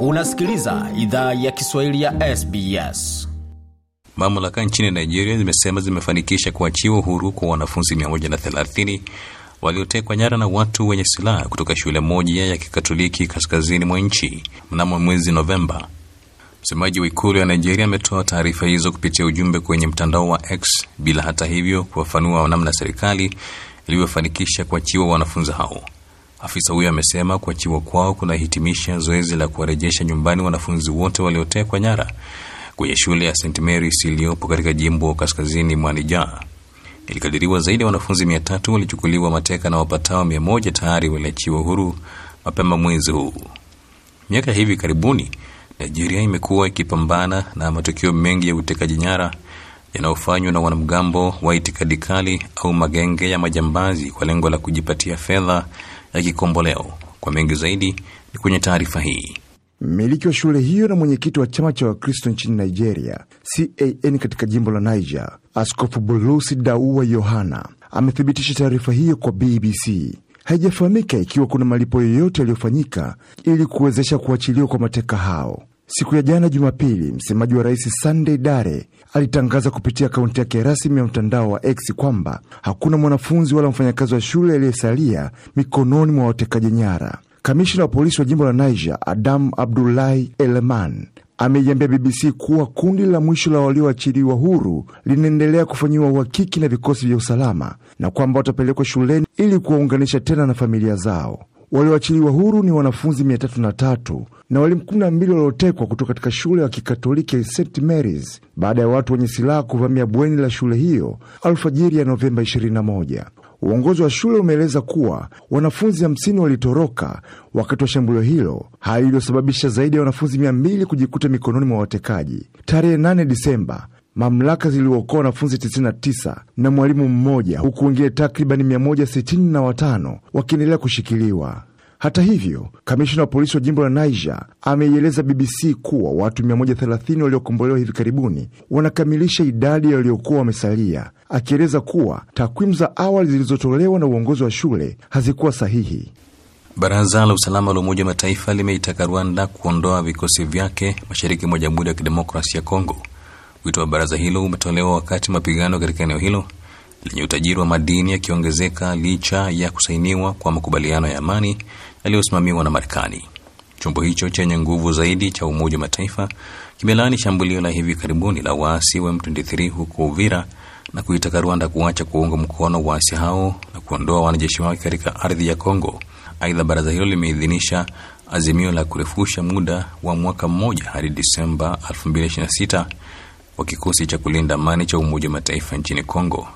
Unasikiliza idhaa ya Kiswahili ya SBS. Mamlaka nchini Nigeria zimesema zimefanikisha kuachiwa uhuru kwa wanafunzi 130 waliotekwa nyara na watu wenye silaha kutoka shule moja ya Kikatoliki kaskazini mwa nchi mnamo mwezi Novemba. Msemaji wa ikulu ya Nigeria ametoa taarifa hizo kupitia ujumbe kwenye mtandao wa X bila hata hivyo kuwafanua namna serikali ilivyofanikisha kuachiwa wanafunzi hao. Afisa huyo amesema kuachiwa kwao kunahitimisha zoezi la kuwarejesha nyumbani wanafunzi wote waliotekwa nyara kwenye shule ya St Mary's iliyopo katika jimbo kaskazini mwa Niger. Ilikadiriwa zaidi ya wanafunzi mia tatu walichukuliwa mateka na wapatao mia moja tayari waliachiwa huru mapema mwezi huu. Miaka hivi karibuni, Nigeria imekuwa ikipambana na matukio mengi ya utekaji nyara yanayofanywa na wanamgambo wa itikadi kali au magenge ya majambazi kwa lengo la kujipatia fedha na Kikomboleo. Kwa mengi zaidi ni kwenye taarifa hii. Mmiliki wa shule hiyo na mwenyekiti wa chama cha Wakristo nchini Nigeria, CAN, katika jimbo la Niger, Askofu bulusi Daua Yohana amethibitisha taarifa hiyo kwa BBC. Haijafahamika ikiwa kuna malipo yoyote yaliyofanyika ili kuwezesha kuachiliwa kwa mateka hao. Siku ya jana Jumapili, msemaji wa rais Sunday Dare alitangaza kupitia akaunti yake rasmi ya mtandao wa X kwamba hakuna mwanafunzi wala mfanyakazi wa shule aliyesalia mikononi mwa watekaji nyara. Kamishina wa polisi wa jimbo la Niger, Adam Abdullahi Eleman, ameiambia BBC kuwa kundi la mwisho la walioachiliwa huru linaendelea kufanyiwa uhakiki na vikosi vya usalama na kwamba watapelekwa shuleni ili kuwaunganisha tena na familia zao. Walioachiliwa huru ni wanafunzi 303 na walimu 12 waliotekwa kutoka katika shule ya kikatoliki ya St Mary's baada ya watu wenye silaha kuvamia bweni la shule hiyo alfajiri ya Novemba 21. Uongozi wa shule umeeleza kuwa wanafunzi hamsini walitoroka wakati wa shambulio hilo, hali iliyosababisha zaidi ya wanafunzi 200 kujikuta mikononi mwa watekaji. Tarehe 8 Disemba, mamlaka ziliokoa wanafunzi 99 na mwalimu mmoja, huku wengine takribani 165 wakiendelea kushikiliwa. Hata hivyo, kamishina wa polisi wa jimbo la Niger ameieleza BBC kuwa watu 130 waliokombolewa hivi karibuni wanakamilisha idadi waliokuwa wamesalia, akieleza kuwa takwimu za awali zilizotolewa na uongozi wa shule hazikuwa sahihi. Baraza la usalama la Umoja wa Mataifa limeitaka Rwanda kuondoa vikosi vyake mashariki mwa Jamhuri ya Kidemokrasia ya Kongo. Wito wa baraza hilo umetolewa wakati mapigano katika eneo hilo lenye utajiri wa madini yakiongezeka licha ya kusainiwa kwa makubaliano ya amani yaliyosimamiwa na Marekani. Chombo hicho chenye nguvu zaidi cha Umoja wa Mataifa kimelaani shambulio la hivi karibuni la waasi wa M23 huko Uvira na kuitaka Rwanda kuacha kuunga mkono waasi hao na kuondoa wanajeshi wake katika ardhi ya Kongo. Aidha, baraza hilo limeidhinisha azimio la kurefusha muda wa mwaka mmoja hadi Disemba 2026 wa kikosi cha kulinda amani cha Umoja wa Mataifa nchini Kongo.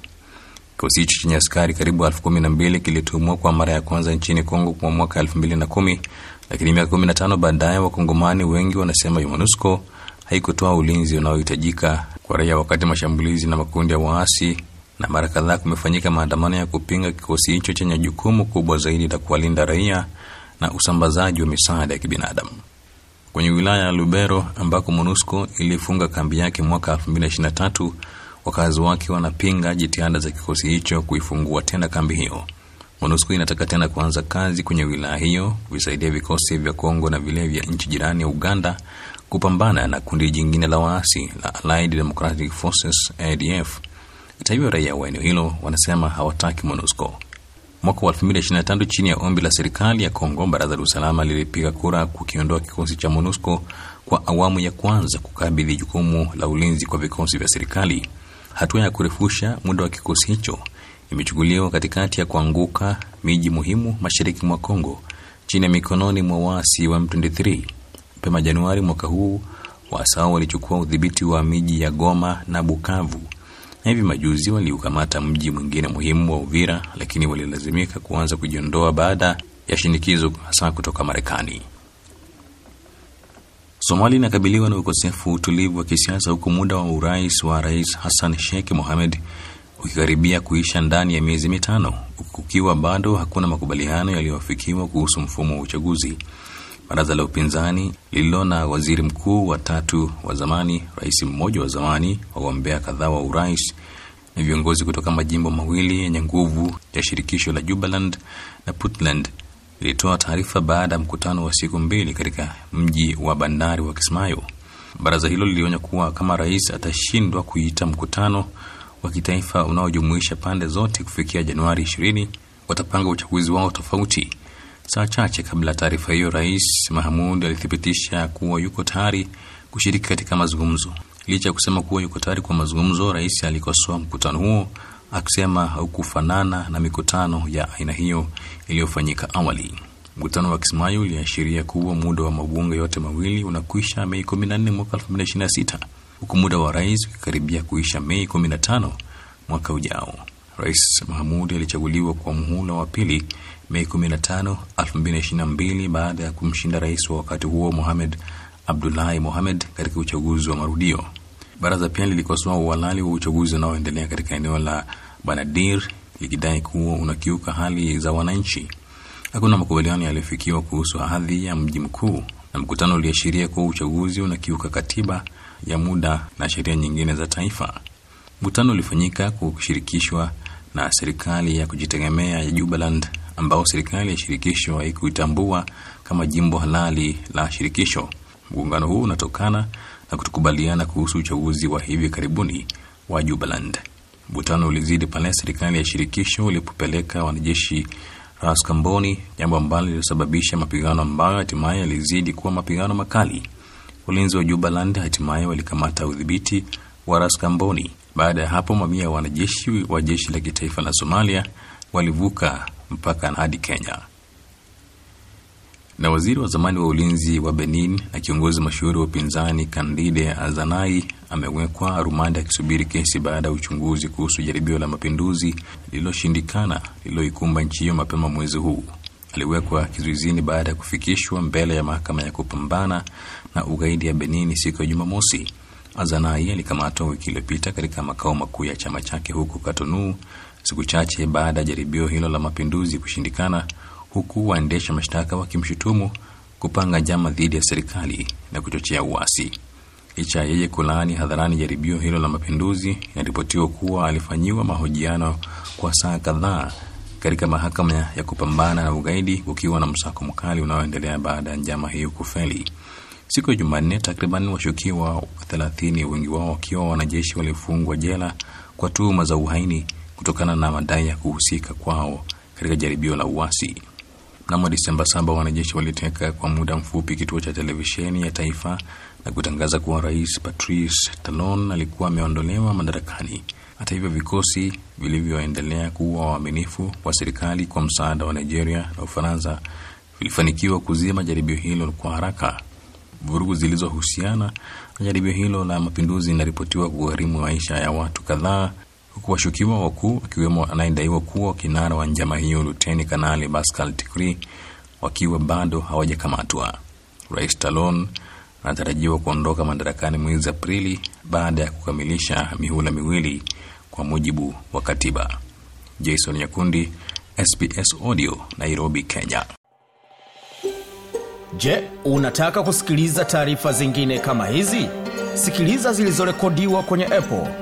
Kikosi hicho chenye askari karibu elfu kumi na mbili kilitumwa kwa mara ya kwanza nchini Kongo kwa mwaka elfu mbili na kumi lakini miaka kumi na tano baadaye Wakongomani wengi wanasema MONUSCO haikutoa ulinzi unaohitajika kwa raia wakati mashambulizi na makundi ya waasi, na mara kadhaa kumefanyika maandamano ya kupinga kikosi hicho chenye jukumu kubwa zaidi la kuwalinda raia na usambazaji wa misaada ya kibinadamu. Kwenye wilaya ya Lubero ambako MONUSCO ilifunga kambi yake mwaka Wakazi wake wanapinga jitihada za kikosi hicho kuifungua tena kambi hiyo. MONUSCO inataka tena kuanza kazi kwenye wilaya hiyo kuvisaidia vikosi vya Kongo na vile vya nchi jirani ya Uganda kupambana na kundi jingine la waasi la Allied Democratic Forces ADF. Hata hivyo, raia wa eneo hilo wanasema hawataki MONUSCO. Mwaka wa 2 chini ya ombi la serikali ya Kongo, baraza la usalama lilipiga kura kukiondoa kikosi cha MONUSCO kwa awamu ya kwanza kukabidhi jukumu la ulinzi kwa vikosi vya serikali. Hatua ya kurefusha muda wa kikosi hicho imechukuliwa katikati ya kuanguka miji muhimu mashariki mwa Kongo chini ya mikononi mwa waasi wa M23. Mapema Januari mwaka huu hao walichukua udhibiti wa miji ya Goma na Bukavu na hivi majuzi waliukamata mji mwingine muhimu wa Uvira, lakini walilazimika kuanza kujiondoa baada ya shinikizo hasa kutoka Marekani. Somalia inakabiliwa na ukosefu wa utulivu wa kisiasa huku muda wa urais wa Rais Hassan Sheikh Mohamed ukikaribia kuisha ndani ya miezi mitano, kukiwa bado hakuna makubaliano yaliyofikiwa kuhusu mfumo wa uchaguzi. Baraza la upinzani lililo na waziri mkuu watatu wa zamani, rais mmoja wa zamani, wagombea kadhaa wa urais na viongozi kutoka majimbo mawili yenye nguvu ya shirikisho la Jubaland na Puntland ilitoa taarifa baada ya mkutano wa siku mbili katika mji wa bandari wa Kismayo. Baraza hilo lilionya kuwa kama rais atashindwa kuita mkutano wa kitaifa unaojumuisha pande zote kufikia Januari 20, watapanga uchaguzi wao tofauti. Saa chache kabla ya taarifa hiyo, Rais Mahamud alithibitisha kuwa yuko tayari kushiriki katika mazungumzo. Licha ya kusema kuwa yuko tayari kwa mazungumzo, rais alikosoa mkutano huo akisema haukufanana na mikutano ya aina hiyo iliyofanyika awali. Mkutano wa Kismayo uliashiria kuwa muda wa mabunge yote mawili unakwisha Mei 14 mwaka 2026 huku muda wa rais ukikaribia kuisha Mei 15 mwaka ujao. Rais Mahamud alichaguliwa kwa muhula wa pili Mei 15, 2022 baada ya kumshinda rais wa wakati huo Mohamed Abdullahi Mohamed katika uchaguzi wa marudio. Baraza pia lilikosoa uhalali wa uchaguzi unaoendelea katika eneo la Banadir likidai kuwa unakiuka hali za wananchi. Hakuna makubaliano yaliyofikiwa kuhusu hadhi ya mji mkuu, na mkutano uliashiria kuwa uchaguzi unakiuka katiba ya muda na sheria nyingine za taifa. Mkutano ulifanyika kwa kushirikishwa na serikali ya kujitegemea ya Jubaland ambao serikali ya shirikisho haikuitambua kama jimbo halali la shirikisho. Mgongano huu unatokana na kutokubaliana kuhusu uchaguzi wa hivi karibuni wa Jubaland. Mvutano ulizidi pale serikali ya shirikisho ilipopeleka wanajeshi Raskamboni, jambo ambalo lilisababisha mapigano ambayo hatimaye yalizidi kuwa mapigano makali. Ulinzi wa Jubaland hatimaye walikamata udhibiti wa Raskamboni. Baada ya hapo, mamia ya wanajeshi wa jeshi la kitaifa la Somalia walivuka mpaka hadi Kenya na waziri wa zamani wa ulinzi wa Benin na kiongozi mashuhuri wa upinzani Kandide Azanai amewekwa rumande akisubiri kesi baada ya uchunguzi kuhusu jaribio la mapinduzi lililoshindikana lililoikumba nchi hiyo mapema mwezi huu. Aliwekwa kizuizini baada ya kufikishwa mbele ya mahakama ya kupambana na ugaidi ya Benin siku ya Jumamosi. Azanai alikamatwa wiki iliyopita katika makao makuu ya chama chake huko Cotonou, siku chache baada ya jaribio hilo la mapinduzi kushindikana huku waendesha mashtaka wakimshutumu kupanga njama dhidi ya serikali na kuchochea uasi. Licha ya yeye kulaani hadharani jaribio hilo la mapinduzi, inaripotiwa kuwa alifanyiwa mahojiano kwa saa kadhaa katika mahakama ya kupambana na ugaidi kukiwa na msako mkali unaoendelea baada ya njama hiyo kufeli. Siku ya Jumanne, takriban washukiwa thelathini, wengi wao wakiwa wanajeshi, walifungwa jela kwa tuhuma za uhaini kutokana na madai ya kuhusika kwao katika jaribio la uasi. Mnamo Disemba saba, wanajeshi waliteka kwa muda mfupi kituo cha televisheni ya taifa na kutangaza kuwa Rais Patrice Talon alikuwa ameondolewa madarakani. Hata hivyo, vikosi vilivyoendelea kuwa waaminifu kwa serikali kwa msaada wa Nigeria na Ufaransa vilifanikiwa kuzima jaribio hilo kwa haraka. Vurugu zilizohusiana na jaribio hilo la mapinduzi inaripotiwa kugharimu maisha ya watu kadhaa huku washukiwa wakuu akiwemo anayedaiwa kuwa kinara wa njama hiyo Luteni Kanali Pascal Tikri wakiwa bado hawajakamatwa. Rais Talon anatarajiwa kuondoka madarakani mwezi Aprili baada ya kukamilisha mihula miwili kwa mujibu wa katiba. Jason Nyakundi, SBS Audio, Nairobi, Kenya. Je, unataka kusikiliza taarifa zingine kama hizi? Sikiliza zilizorekodiwa kwenye Apple,